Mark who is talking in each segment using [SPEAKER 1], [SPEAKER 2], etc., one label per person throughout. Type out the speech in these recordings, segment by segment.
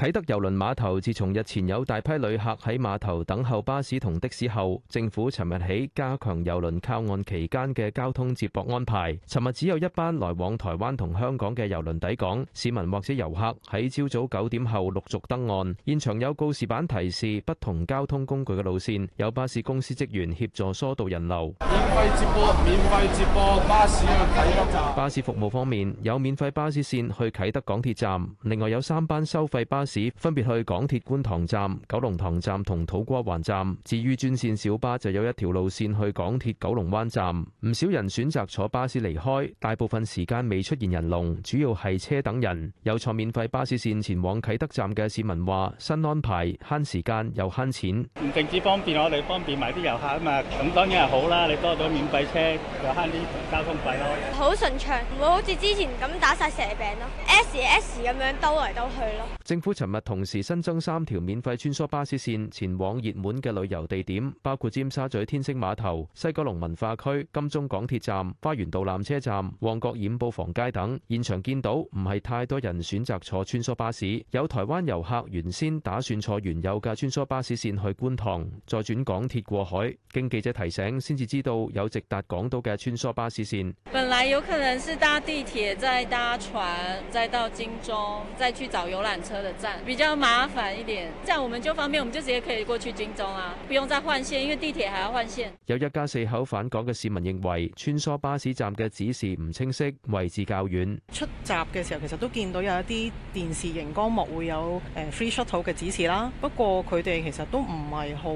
[SPEAKER 1] 啟德郵輪碼頭自從日前有大批旅客喺碼頭等候巴士同的士後，政府尋日起加強郵輪靠岸期間嘅交通接駁安排。尋日只有一班來往台灣同香港嘅郵輪抵港，市民或者遊客喺朝早九點後陸續登岸。現場有告示板提示不同交通工具嘅路線，有巴士公司職員協助疏導人流。
[SPEAKER 2] 免費接駁，免費接駁，巴士去啟德站。
[SPEAKER 1] 巴士服務方面有免費巴士線去啟德港鐵站，另外有三班收費巴士。分別去港鐵觀塘站、九龍塘站同土瓜灣站。至於專線小巴就有一條路線去港鐵九龍灣站。唔少人選擇坐巴士離開，大部分時間未出現人龍，主要係車等人。有坐免費巴士線前往啟德站嘅市民話：新安排慳時間又慳錢。
[SPEAKER 2] 唔淨止方便我哋，方便埋啲遊客啊嘛。咁當然係好啦，你多咗免費車又慳啲交通費咯。
[SPEAKER 1] 好順暢，唔會好似之前咁打晒蛇餅咯，S S 咁樣兜嚟兜去咯。政府。尋日同時新增三條免費穿梭巴士線，前往熱門嘅旅遊地點，包括尖沙咀天星碼頭、西九龍文化區、金鐘港鐵站、花園道纜車站、旺角染布房街等。現場見到唔係太多人選擇坐穿梭巴士，有台灣遊客原先打算坐原有嘅穿梭巴士線去觀塘，再轉港鐵過海。經記者提醒，先至知道有直達港島嘅穿梭巴士線。本來有可能是搭地鐵，再搭船，再到金鐘，再去找遊覽車的站。比較麻煩一點，這樣我們就方便，我們就直接可以過去軍中啊，不用再換線，因為地鐵還要換線。有一家四口返港嘅市民認為穿梭巴士站嘅指示唔清晰，位置較遠。出閘嘅時候其實都見到有一啲電視熒光幕會有誒 free 出口嘅指示啦，不過佢哋其實都唔係好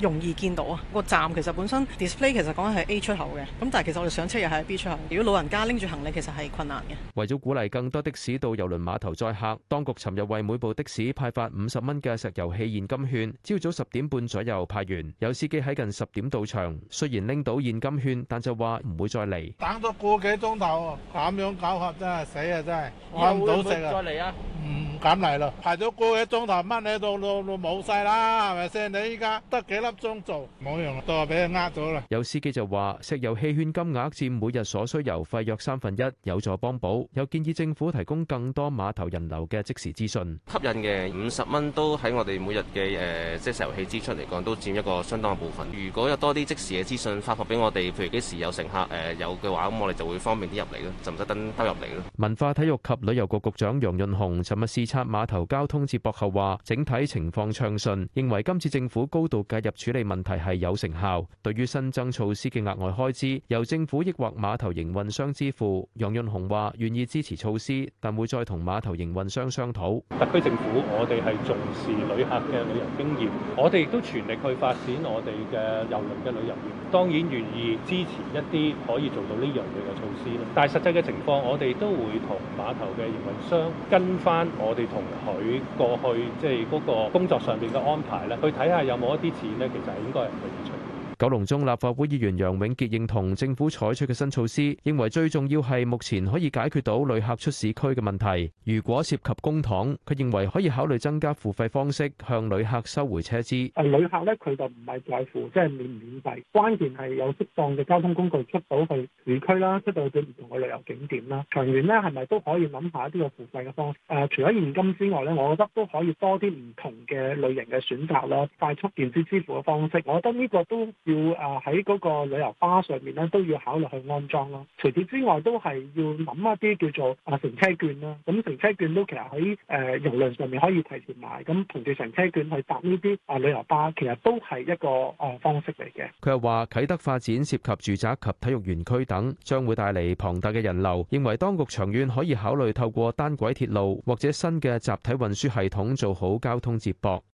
[SPEAKER 1] 容易見到啊。個站其實本身 display 其實講係 A 出口嘅，咁但係其實我哋上車又係 B 出口，如果老人家拎住行李其實係困難嘅。為咗鼓勵更多的士到郵輪碼頭載客，當局尋日為每部的士派發五十蚊嘅石油氣現金券，朝早十點半左右派完，有司機喺近十點到場，雖然拎到現金券，但就話唔會再嚟。
[SPEAKER 2] 等咗個幾鐘頭，咁樣搞法真係死啊！真係，我唔會再嚟啊。減嚟咯，排咗個幾鐘頭，乜你都都都冇曬啦，係咪先？你依家得幾粒鐘做，冇用啦，都係俾佢呃咗啦。
[SPEAKER 1] 有司機就話：石油氣券金額佔每日所需油費約三分一，有助幫補。有建議政府提供更多碼頭人流嘅即時資訊，吸引嘅五十蚊都喺我哋每日嘅誒即石油氣支出嚟講，都佔一個相當嘅部分。如果有多啲即時嘅資訊發放俾我哋，譬如幾時有乘客誒有嘅話，咁我哋就會方便啲入嚟咯，就唔使等兜入嚟咯。文化體育及旅遊局局長楊潤雄尋日施。查碼頭交通接駁後話，整體情況暢順，認為今次政府高度介入處理問題係有成效。對於新增措施嘅額外開支，由政府抑或碼頭營運商支付。楊潤雄話願意支持措施，但會再同碼頭營運商商，商討。特區政府
[SPEAKER 2] 我哋係重視旅客嘅旅遊經
[SPEAKER 1] 驗，我哋亦都全力去發展我哋嘅
[SPEAKER 2] 郵輪嘅旅遊業。當然願意支持一啲可以做到呢樣嘢嘅措施，但係實際嘅情況，我哋都會同碼頭嘅營運商跟翻我哋。同佢過去即係嗰個工作上邊嘅安排咧，去睇下有冇一啲錢咧，其實係應該係佢出。
[SPEAKER 1] 九龍中立法會議員楊永杰認同政府採取嘅新措施，認為最重要係目前可以解決到旅客出市區嘅問題。如果涉及公帑，佢認為可以考慮增加付費方式，向旅客收回車資。誒，旅
[SPEAKER 2] 客呢佢就唔係在乎即係免唔免費，關鍵係有適當嘅交通工具出到去市區啦，出到去啲唔同嘅旅遊景點啦。長遠呢係咪都可以諗下呢個付費嘅方式誒？除咗現金之外呢，我覺得都可以多啲唔同嘅類型嘅選擇啦，快速電子支付嘅方式。我覺得呢個都。要啊喺嗰個旅遊巴上面咧，都要考慮去安裝咯。除此之外，都係要諗一啲叫做啊乘車券啦。咁乘車券都其實喺誒郵輪上面可以提前買。咁憑住乘車券去搭呢啲啊旅遊巴，其實都係一個誒方式嚟
[SPEAKER 1] 嘅。佢又話啟德發展涉及住宅及體育園區等，將會帶嚟龐大嘅人流。認為當局長遠可以考慮透過單軌鐵路或者新嘅集體運輸系統做好交通接駁。